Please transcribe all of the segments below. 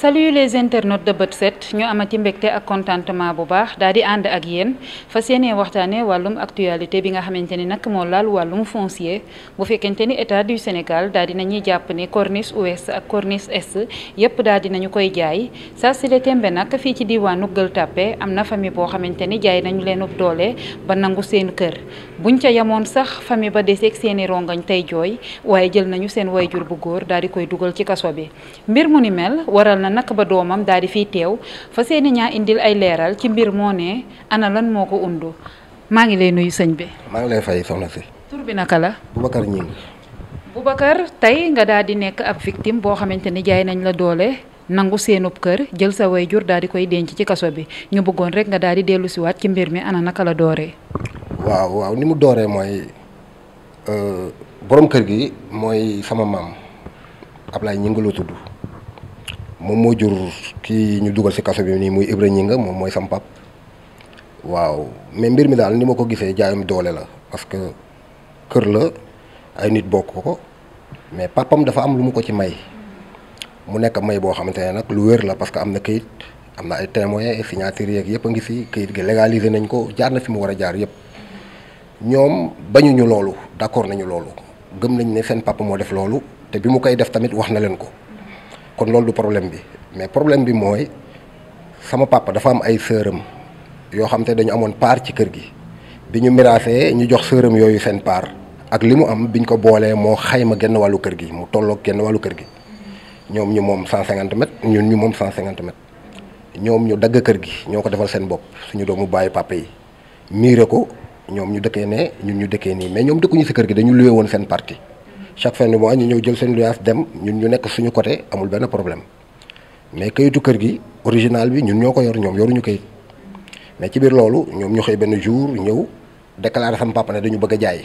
salut les internautes de bët set ñu amati mbégte ak contentement bu baax daal di ànd ak yéen fa yéene waxtaanee wàllum actualité bi nga xamante ni nag moo laal wàllum foncier bu fekkente ni état du Sénégal daal di nañuy jàpp ne corniche ouest ak corniche est yépp daal di nañu koy jaay saa si le tembe nag fii ci diwaanu Gueule Tapée am na famille boo xamante ni jaay nañu leen doole ba nangu seen kër buñ ca yamoon sax famille ba deseeg seeni rongañ tey jooy waaye jël nañu seen wayjur bu góor daal di koy dugal ci kaso bi nak ba doomam daal di fi teew fa seeni ñaa indil ay leeral ci mbir moo ne ana lan moo ko undu maa ngi lay nuyu sëñ bi. maa ngi lay fay soxna si. tur bi naka la. Boubacar Gningue. Boubacar tey nga daal di nekk ab victime boo xamante ni jaay nañ la doole. nangu seenub kër jël sa way jur daal di koy denc ci kaso bi ñu bëggoon rek nga daal di dellu siwaat ci mbir mi ana naka la dooree. waaw waaw ni mu dooree mooy euh, boroom kër gi mooy sama maam Ablaye Gningue la tudd moom moo jur ki ñu dugal si kaso bi nii muy Ibra nga moom mooy sam pap waaw mais mbir mi daal ni ma ko gisee jaayum doole la parce que kër la ay nit bokk ko mais papam dafa am lu mu ko ci may mu nekk may boo xamante ne nag lu wér la parce que am na kayit am na ay témoins et signataires yeeg yëpp a ngi fi kayit gi légalisé nañ ko jaar na fi mu war a jaar yëpp ñoom bañuñu loolu d'accord nañu loolu gëm nañ ne seen papa moo def loolu te bi mu koy def tamit wax na leen ko. kon loolu du problème bi mais problème bi mooy sama papa dafa am ay sëram yoo xam te dañu amoon part ci kër gi bi ñu miraasee ñu jox sëram yooyu seen part ak li mu am biñ ko boolee moo xay ma genn wàllu kër gi mu tolloog genn wàllu kër gi ñoom ñu moom 150 mètres ñun ñu moom 150 mètres ñoom ñu dagg kër gi ñoo ko defal seen bopp suñu doomu bàyyi papa yi miire ko ñoom ñu dëkkee ne ñun ñu dëkkee nii mais ñoom dëkkuñu si kër gi dañu luwee woon seen parti chaque fin de mois ñu ñëw jël seen luyaas dem ñun ñu nekk suñu côté amul benn problème mais kayitu kër gi original bi ñun ñoo ko yor ñoom yoruñu kayit mais ci biir loolu ñoom ñu xëy benn jour ñëw déclaré sama papa ne dañu bëgg jaay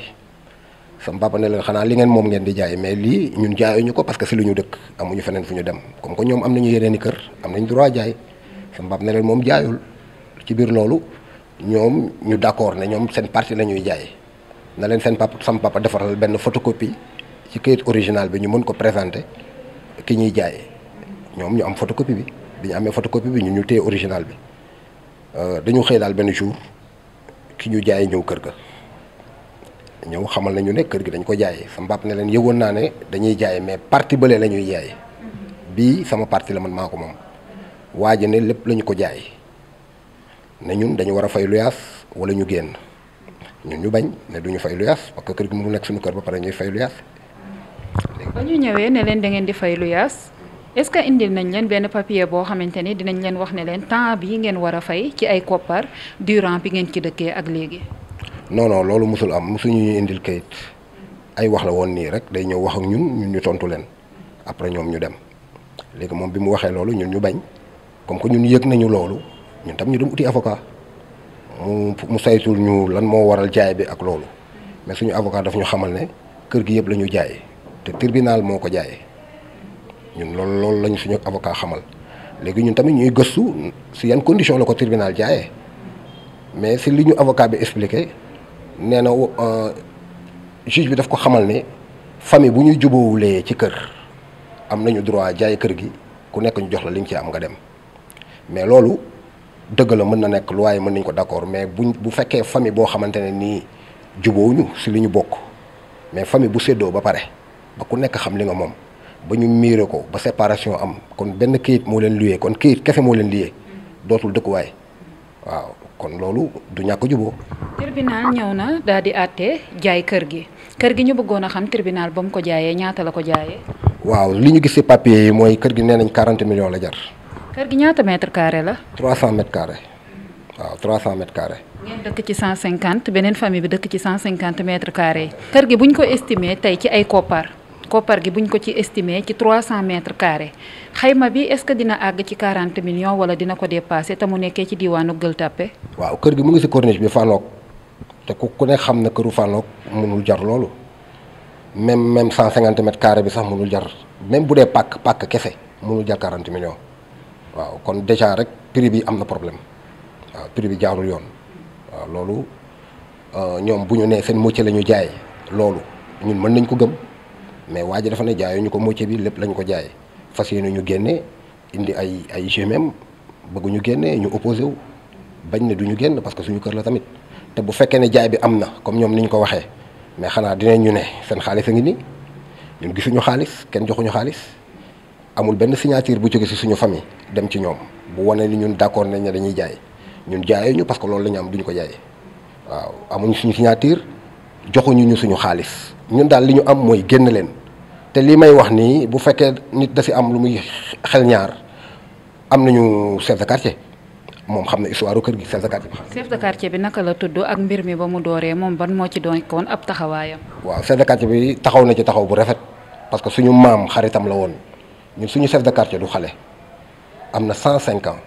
sama papa ne leen xanaa li ngeen moom ngeen di jaay mais lii ñun jaayuñu ko parce que si lu ñu amuñu feneen fu ñu dem comme ñoom am nañu yeneen i kër am nañu droit jaay sama ne leen moom jaayul ci biir loolu ñoom ñu d'accord ne ñoom seen parti la ñuy jaay na leen seen papa sama papa defaral benn photocopie ci kayit original bi ñu mën ko présenter ki ñuy jaay ñoom ñu am photocopie bi bi ñu amee photocopie bi ñu ñu téye original bi euh, dañu xëy daal benn jour ki ñu jaay ñëw kër ga ñëw xamal nañu ne kër gi dañ ko jaay sama baab ne leen yëgoon naa ne dañuy jaayee mais parti bële la ñuy jaayee bi sama parti la man maa ko moom waaje ne lépp lañu ko jaay ne ñun dañu war a fay luyaas wala ñu génn ñun ñu bañ ne ñu fay luyaas parce que kër gi mu nekk suñu kër ba pare ñuy fay luyaas ba ñu ñëwee ne leen da ngeen di fay lu yaas est-ce que indil nañ leen benn papier boo xamante ni dinañ leen wax ne leen temps bii ngeen war a fay ci ay koppar durant bi ngeen ci dëkkee ak léegi. non loolu musul am musuñu ñu indil kayit ay wax la woon nii rek day ñëw wax ak ñun ñun ñu tontu leen après ñoom ñu dem léegi moom bi mu waxee loolu ñun ñu bañ comme que ñun yëg nañu loolu ñun tam ñu dem uti avocat mu mu saytul ñu lan moo waral jaay bi ak loolu mais suñu avocat daf ñu xamal ne kër gi yëpp la ñu jaay. te tribunal moo ko jaayee ñun loolu loolu lañ suñu avocat xamal léegi ñun tamit ñuy gëstu si yan condition la ko tribunal jaayee mais si li ñu avocat bi expliqué nee na euh, juge bi def ko xamal ne famille bu ñu jubóowulee ci kër am nañu droit jaay kër gi ku nekk ñu jox la li ci am nga dem mais loolu dëgg la mën na nekk lu waaye mën nañ ko d'accord mais buñ bu fekkee famille boo xamante ne nii jubóowuñu si li ñu bokk mais famille bu séddoo ba pare ba ku nekk xam li nga moom ba ñu miire ko ba séparation am kon benn kayit moo leen liyee kon kayit kese moo leen liyee dootul dëkkuwaay waaw kon loolu du ñàkk juboo tribunal ñëw na daal di àtte jaay kër gi kër gi ñu bëggoon a xam tribunal ba mu ko jaayee ñaata la ko jaayee. waaw li ñu gis ci papier yi mooy kër gi nee nañ 40 millions la jar. kër gi ñaata mètre carré la. 300 mètre carré waaw 300 mètre carré. ngeen dëkk ci 150 beneen famille bi dëkk ci 150 mètre carré kër gi bu ñu ko estimé tey ci ay koppar. koppar gi buñ ko ci estimé ci cent mètres carrés xayma bi est-ce que dina àgg ci quarante million wala dina ko dépassé te mu nekkee ci diwaanu Gueule Tapée waaw kër gi mu ngi si corniche bi Fanok te ku ku ne xam na këru Fanok mënul jar loolu même même cent mètres carrés bi sax mënul jar même bu dee pàkk pàkk kese mënul jar 40 millions waaw kon déjà rek prix bi am na problème waaw prix bi jaarul yoon waaw loolu euh, ñoom bu ñu nee seen moitié la ñu jaay loolu ñun mën nañ ko gëm. mais waa ji dafa ne jaayoo ñu ko moitié bi lépp lañ ko jaay fas yéene ñu génne indi ay ay GMM bëgg ñu génne ñu opposé wu bañ ne du ñu génn parce que suñu kër la tamit te bu fekkee ne jaay bi am na comme ñoom ni ñu ko waxee mais xanaa dinañ ñu ne seen xaalis a ngi nii ñun gisuñu xaalis kenn joxuñu xaalis amul benn signature bu jóge si suñu famille dem ci ñoom bu wane ni ñun d'accord nañ ne dañuy jaay ñun jaayuñu parce que loolu lañu am duñu ko jaay waaw amuñ suñu signature joxuñu ñu suñu xaalis. ñun daal li ñu am mooy génn leen te lii may wax nii bu fekkee nit dafi am lu muy xel ñaar am nañu chef de quartier xam na histoire kër gi chef de bi. naka la tudd mbir mi ba mu dooree moom ban moo ci doon koon ab taxawaayam. waaw chef de bi taxaw na ci taxaw bu rafet parce que suñu maam xaritam la woon ñun suñu chef de quartier du xale am na 105 ans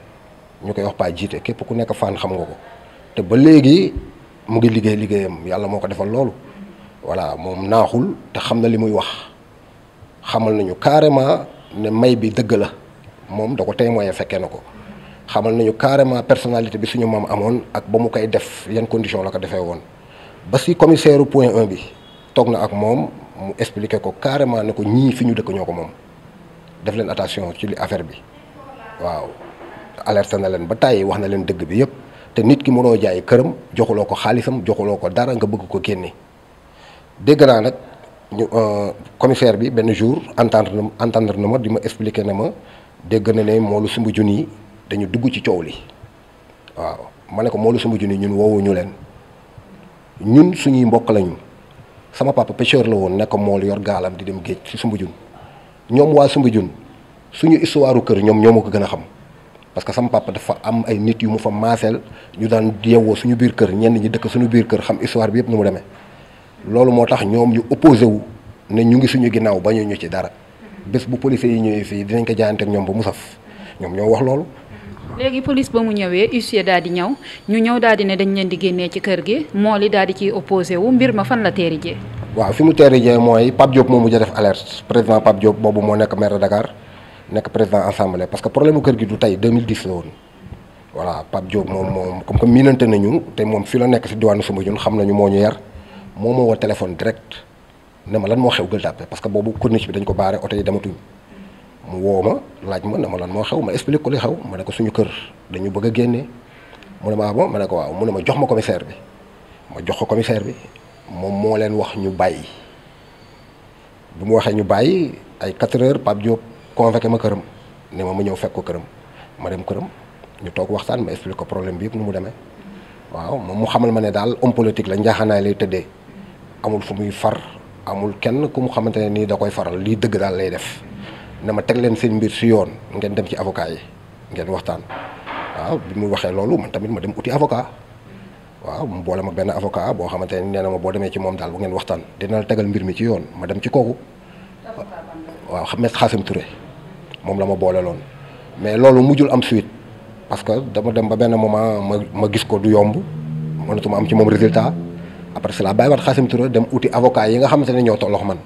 ñu koy wax Paa jiite képp ku nekk fan xam nga ko te ba léegi mu ngi liggéey liggéeyam yàlla moo ko defal loolu. voilà moom naaxul te xam na li muy wax xamal nañu carrément ne may bi dëgg la moom da ko témoin fekkee na ko xamal nañu carrément personnalité bi suñu maam amoon ak ba mu koy def yenn condition la ko defee woon ba si commissaire point 1 bi toog na ak moom mu expliqué ko carrément ne ko ñii fi ñu dëkk ñoo ko moom def leen attention ci affaire bi waaw alerté na leen ba tàyyi wax na leen dëgg bi yëpp te nit ki mënoo jaay këram joxuloo ko xaalisam joxuloo ko dara nga bëgg ko génne dégg naa nag ñu euh, commissaire bi benn jour entendre na entendre na ma di ma expliquer na ma dégg na ne moolu sumbu jun yi dañu dugg ci coow li waaw ma ne ko moolu sumbu jun yi ñun woowuñu leen ñun suñuy mbokk lañu sama papa pêcheur la woon nekk lu yor gaalam di dem géej ci sumbu jun ñoom waa sumbu jun suñu histoire kër ñoom ñoo ma ko gën a xam parce que sama papa dafa am ay nit yu mu fa maaseel ñu daan yeewoo suñu biir kër ñenn ñi dëkk suñu biir kër xam histoire bi yëpp mu demee loolu moo tax ñoom ñu opposé wu ne ñu ngi suñu ginnaaw bañu ñu ci dara bés bu policiers yi ñëwee fii dinañ ko jaayante ñoom ba mu saf ñoom ñoo wax loolu. léegi police ba mu ñëwee huissier daal di ñëw ñu ñëw daal di ne dañ leen di génnee ci kër gi moo li daal di ciy opposé wu mbir ma fan la teeri jee waaw fi mu teeri mooy Pape Diop moo mujj a def alerte président Pape Diop boobu moo nekk maire de Dakar nekk président assemblée parce que problème kër gi du tey 2010 la woon. voilà moom moom comme que miinante nañu te moom fi la nekk si diwaanu Soumbédioune xam nañu moo ñu yar moo ma woo téléphone direct ne ma lan moo xew Gueule Tapée parce que boobu corniche bi dañ ko baare oto yi dematuñ mu woo ma laaj ma ne ma lan moo xew ma explique ko li xew ma ne ko suñu kër dañu bëgg a génne mu ne ma ah ma ne ko waaw mu ne ma jox ma commissaire bi ma jox ko commissaire bi moom moo leen wax ñu bàyyi bi mu waxee ñu bàyyi ay 4 heures Pape Diop ma këram ne ma ma ñëw fekk ko këram ma dem këram ñu toog waxtaan ma explique ko problème bi yëpp nu mu deme waaw moom mu xamal ma ne daal homme politique la njaaxanaay lay tëddee. amul fu muy far amul kenn ku mu xamante ne nii da koy faral lii dëgg daal lay def na ma teg leen seen mbir si yoon ngeen dem ci avocat yi ngeen waxtaan waaw bi mu waxee loolu man tamit ma dem uti avocat waaw mu boole ma benn avocat boo xamante ne nee na ma boo demee ci moom daal bu ngeen waxtaan dina la tegal mbir mi ci yoon ma dem ci kooku waaw Maître Khassim Touré moom la ma boole loon mais loolu mujjul am suite parce que dama dem ba benn moment ma ma gis ko du yomb mënatuma am ci moom résultat après cela bàyyiwaat Xaasim Touré dem uti avocat yi nga xamante ne ñoo tollox man.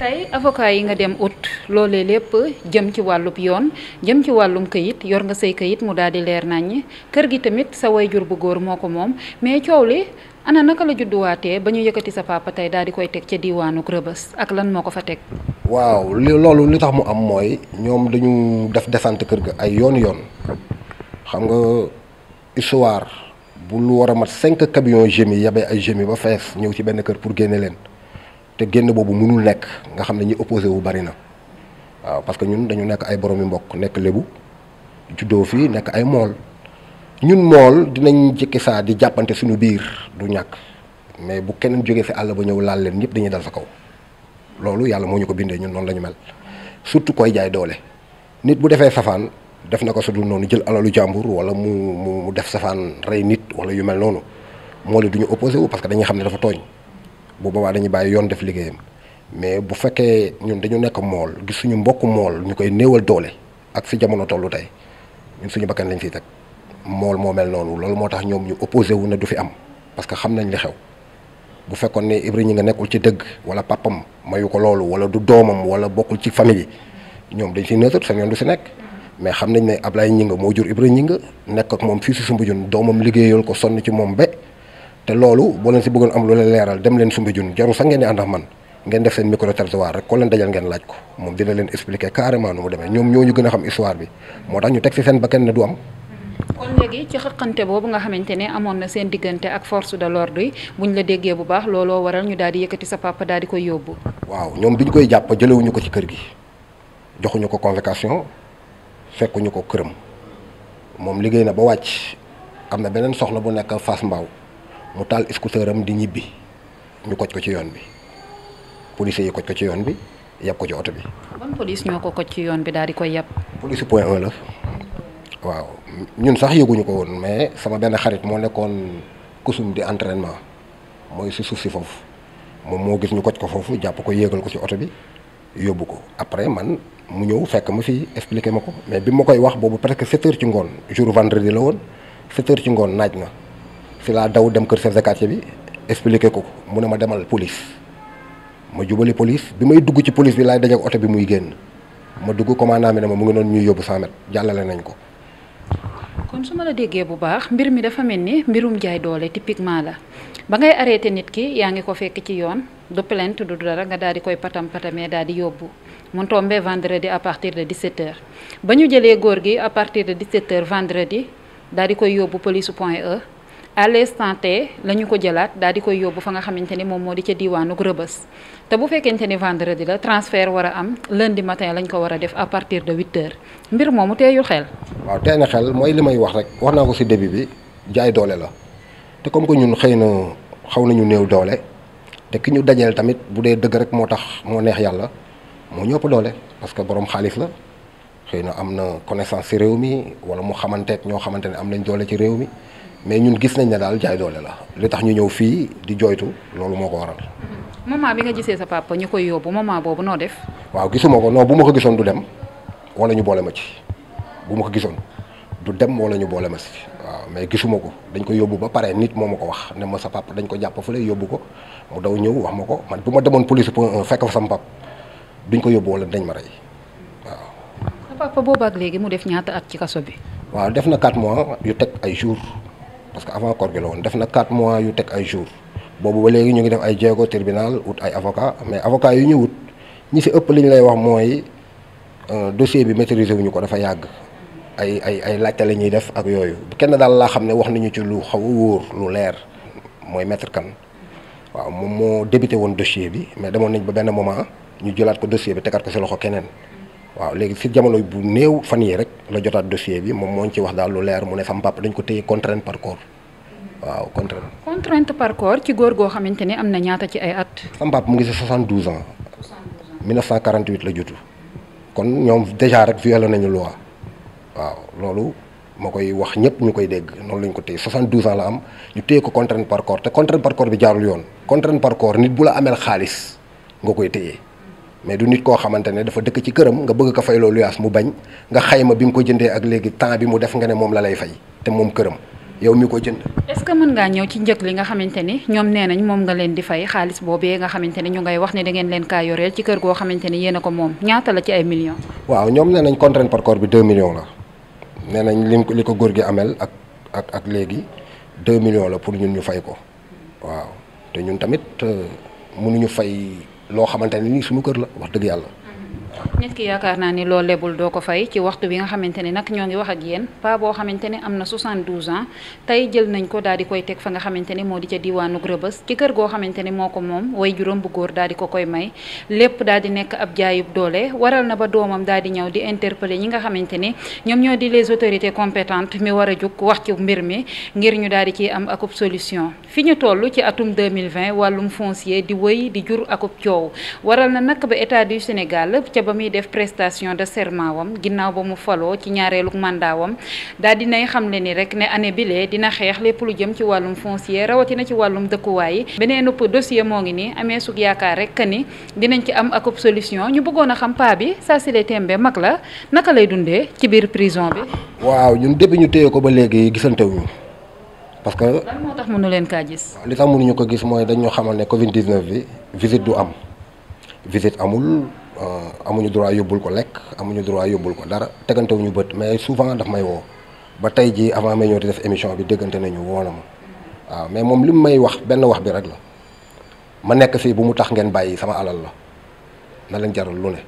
tey avocat yi nga dem ut loolee lépp jëm ci wàllub yoon jëm ci wàllum këyit yor nga say këyit mu daal di leer naññi kër gi tamit sa jur bu góor moo ko moom mais coow li ana naka la judduwaatee ba ñu yëkkati sa papa tey daal di koy teg ca diiwaanu Rëbës ak lan moo ko fa teg. waaw li loolu li tax mu am mooy ñoom dañu def descente kër gi ay yoon yoon xam nga histoire. bu lu war a mat cinq camions gémi yabee ay gémi ba fees ñëw ci benn kër pour génne leen te génn boobu mënul nekk nga xam ne ñi opposé wu bari na waaw parce que ñun dañu nekk ay boroomi mbokk nekk lébu juddoo fii nekk ay mool ñun mool dinañ jëkki saa di jàppante suñu biir du ñàkk mais bu keneen jógee si àll ba ñëw laal leen ñëpp dañuy dal sa kaw loolu yàlla moo ñu ko bindee ñun noonu la ñu mel surtout koy jaay doole nit bu defee safaan def na ko su dul noonu jël alalu jàmbur wala mu mu def safaan rey nit wala yu mel noonu moo li du ñu opposé wu parce que dañuy xam ne dafa tooñ bu boobaa dañuy bàyyi yoon def liggéeyam mais bu fekkee ñun dañu nekk mool suñu mbokk mool ñu koy néewal doole ak fi jamono tollu tey ñun suñu bakkan lañ fiy teg mool moo mel noonu loolu moo tax ñoom ñu opposé wu ne du fi am parce que xam nañ li xew bu fekkoon ne Ibra ñi nga nekkul ci dëgg wala papam mayu ko loolu wala du doomam wala bokkul ci famille yi ñoom dañ si neutre seen yoon du si nekk mais xam nañ ne Ablaye Ñinga moo jur Ibra Ñinga nekk ak moom fii si Soumbédioune doomam liggéeyal ko sonn ci moom ba te loolu boo leen si bëggoon am lu leen leeral dem leen Soumbédioune jarul sax ngeen di ngeen def seen micro trottoir rek ko leen dajal ngeen laaj ko moom dina leen expliquer carrément nu mu demee ñoom ñoo ñu gën a xam histoire bi seen bakkan ne du am. kon léegi ci boobu nga xamante ne amoon na seen diggante ak force de l'ordre yi buñ la déggee bu baax looloo waral ñu daal di yëkkati sa papa daal di koy yóbbu. waaw ñoom bi ñu koy jàpp jëlewuñu ko ci kër gi joxuñu ko convocation fekkuñu ko këram moom liggéey na ba wàcc am na beneen soxna bu nekk fas Mbao mu taal scooter am di ñibbi ñu koj ko ci yoon bi policiers yi koj ko ci yoon bi yàpp ci oto bi. ban police ñoo ko ci yoon bi daal di koy yàpp. police point la waaw ñun sax yëguñu ko woon mais sama benn xarit moo nekkoon kusum di entraînement mooy si suuf si foofu moom moo gis ñu koj ko foofu jàpp ko yéegal ko ci oto bi yóbbu ko après man. mu ñëw fekk ma fii expliqué ma ko mais bi ma koy wax boobu presque sept heures ci ngoon jour vendredi la woon sept heures ci ngoon naaj na si laa daw dem kër chef de quartier bi expliqué ko mu ne ma demal police ma jubali police bi may dugg ci police bi laay dajeek oto bi muy génn ma dugg commandant bi ne ma mu ngi noonu ñuy yóbbu 100 mètres jàllale nañ ko. kon su ma la déggee bu baax mbir mi dafa mel ni mbirum jaay doole typiquement la ba ngay arrêté nit ki yaa ngi ko fekk ci yoon du plainte du dara nga daal di koy patam patamee daal di yóbbu. mu tombé vendredi à partir de 17h ba ñu jëlee góor gi à partir de 17h vendredi daal di koy yóbbu police point E à l'instant T la ñu ko jëlaat daal di koy yóbbu fa nga xamante ni moom moo di ca diwaanu Rëbës te bu fekkente ni vendredi la transfert war a am lundi matin lañ ko war a def à partir de 8h mbir moomu teeyul xel. waaw tey na xel mooy li may wax rek wax naa ko ci début bi jaay doole la te comme que ñun xëy na xaw nañu néew doole te ñu dajeel tamit bu dee dëgg rek moo tax moo neex yàlla. moo ñëpp doole parce que borom xaalis la xëy na am na connaissance ci réew mi wala mu xamanteek ñoo xamante ne am nañ joole ci réew mi mais ñun gis nañ ne daal jaay doole la li tax ñu ñëw fii di jooytu loolu moo ko waral. moment bi nga gisee sa papa ñu koy yóbbu moment boobu noo def. waaw gisuma ko non bu ma ko gisoon du dem wala ñu boole ma ci bu ma ko gisoon du dem wala ñu boole ma ci waaw mais gisuma ko dañ ko yóbbu ba pare nit moo ma ko wax ne ma sa papa dañ ko jàpp fu lay yóbbu ko mu daw ñëw wax ma ko man bu ma demoon police fekk fa sama papa. duñ ko yóbbu wala dañ ma rey waaw. sa papa boobu ak léegi mu def ñaata at ci kaso bi. waaw def na 4 mois yu teg ay jours parce que avant koor gi la woon def na 4 mois yu teg ay jour boobu ba léegi ñu ngi def ay jéego tribunal wut ay avocat mais avocat yu ñu wut ñi si ëpp li ñu lay wax mooy euh, dossier bi maîtriser wuñu ko dafa yàgg. ay ay ay laajte la ñuy def ak yooyu kenn daal laa xam ne wax nañu ci lu xaw wóor lu leer mooy maître kan waaw moom moo débuté woon dossier bi mais demoon nañ ba benn moment ñu jëlaat ko dossier bi tegaat ko si loxo keneen waaw léegi si jamono bu néew fan yii rek la jotaat dossier bi moom mooñ ci wax daal lu leer mu ne sama papa dañ ko téye contrainte par corps waaw contrainte. contrainte par corps ci góor goo xamante ne am na ñaata ci ay at. sama papa mu ngi se si 72 ans. 1948 la jotu kon ñoom déjà rek fi violé nañu loi waaw loolu ma koy wax ñëpp ñu koy dégg noonu lañ ko téye 72 ans la am ñu téye ko contrainte par corps te contrainte par bi jaarul yoon contrainte par corps nit bu la ameel xaalis nga koy téye. mais du nit koo xamante dafa dëkk ci këram nga bëgg ko fay loolu yaas mu bañ nga xayma bi nga ko jëndee ak léegi temps bi mu def nga ne moom la lay fay te moom këram yow mi ko jënd. est que mën ngaa ñëw ci njëg li nga xamante ni ñoom nee nañ moom nga leen di fay xaalis boobee nga xamante ne ñu ngay wax ne da ngeen leen kaa yoreel ci kër goo xamante ni yéen a ko moom ñaata la ci ay millions. waaw ñoom nee nañ contrainte par corps bi 2 millions la nee nañ li li ko góor gi amel ak ak ak léegi 2 millions la pour ñun ñu fay ko waaw te ñun tamit euh, mënuñu fay loo xamante ne nii suñu kër la wax dëgg yàlla nit yaakaar naa ni loolu lebul doo ko fay ci waxtu bi nga xamante ne nag ñoo ngi wax ak yéen paa boo xamante ni am na 72 ans tey jël nañ ko daal di koy teg fa nga xamante ni moo di ca diwaanu Rëbës ci kër goo xamante ni moo ko moom way juróom bu góor daal di ko koy may lépp daal di nekk ab jaayub doole waral na ba doomam daal di ñëw di interpeller ñi nga xamante ni ñoom ñoo di les autorités compétentes mi war a jóg wax ci mbir mi ngir ñu daal di ciy am akub solution fi ñu toll ci atum 2020 wàllum foncier di wëy di jur akub coow waral na nag état du Sénégal ca ba muy def prestation de serment wam ginnaaw ba mu faloo ci ñaareelu mandat wam daal xam xamle ni rek ne année bilee dina xeex lépp lu jëm ci wàllum foncier rawatina ci wàllum dëkkuwaay yi beneen dossier moo ngi nii amee sug yaakaar rek que dinañ ci am akub solution ñu bëggoon a xam paa bi saa sile tembe mag la naka lay dundee ci biir prison bi. waaw ñun depuis ñu téye ko ba léegi gisante wuñu parce que. lan moo tax leen kaa gis. li tax mënuñu ko gis mooy dañoo xamal ne Covid 19 bi visite du am visite amul. Euh, amuñu droit yóbbul ko lekk amuñu droit yóbbul ko dara ñu bët mais souvent daf may woo ba tey jii avant may ñëw di def émission bi déggante nañu woo na waaw mais moom li mu may wax benn wax bi rek la ma nekk fii bu mu tax ngeen bàyyi sama alal la na leen jaral lu ne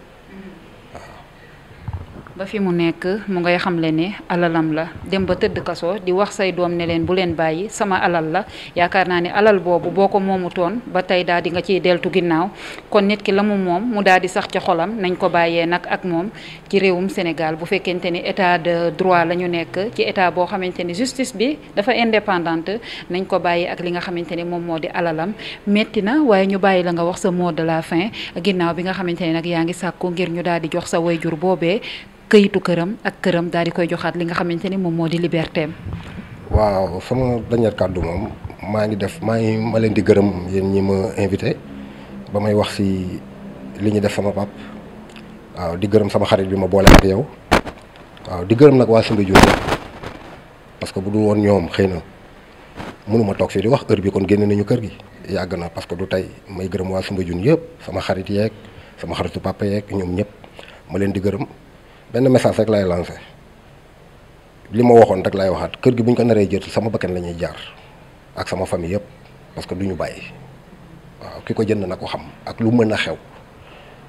fi mu nekk mu ngay xamle ne alalam la dem ba tëdd kaso di wax say doom ne leen bu leen bàyyi sama alal la yaakaar naa ne alal boobu boo ko moomu toon ba tey daal di nga ciy deltu ginnaaw kon nit ki la mu moom mu daal di sax ci xolam nañ ko bàyyee nag ak moom ci réewum Sénégal bu fekkente ni état de droit la ñu nekk ci état boo xamante ni justice bi dafa indépendante nañ ko bàyyi ak li nga xamante ni moom moo di alalam metti na waaye ñu bàyyi la nga wax sa mot de la fin ginnaaw bi nga xamante ne nag yaa ngi sàkku ngir ñu daal di jox sa wayjur boobee këyitu këram ak këram daal di koy joxaat li nga xamante ni moom moo di liberté am waaw sama dernier kàddu moom maa ngi def maa ngi ma leen di gërëm yéen ñi ma invité ba may wax si li ñu def sama pap waaw di gërëm sama xarit bi ma boole ak yow waaw di gërëm nag waa Soumbédioune parce que bu dul woon ñoom xëy na mënuma toog fii di wax heure bi kon génn nañu kër gi yàgg na parce que du tey may gërëm waa Soumbédioune yëpp sama xarit yeeg sama xaritu papa yeeg ñoom ñëpp ma leen di gërëm benn message rek lay lancé li ma waxoon rek lay waxaat kër gi bu ñu ko naree jël sama bakkan la ñuy jaar ak sama famille yëpp parce que du ñu bàyyi waaw ki ko jënd na ko xam ak lu mën a xew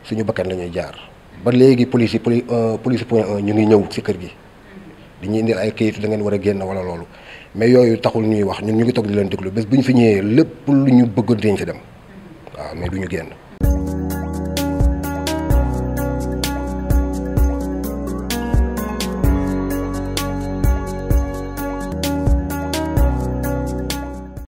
suñu bakkan la jaar. ba léegi police yi poli euh, police point un ñu ngi ñëw ci kër gi di ñu indil ay kayit da ngeen war a génn walla loolu mais yooyu taxul ñuy wax ñun ñu ngi toog di leen déglu bés bu ñu fi ñëwee lépp lu ñu bëgg dañ ci dem waaw mais du ñu génn.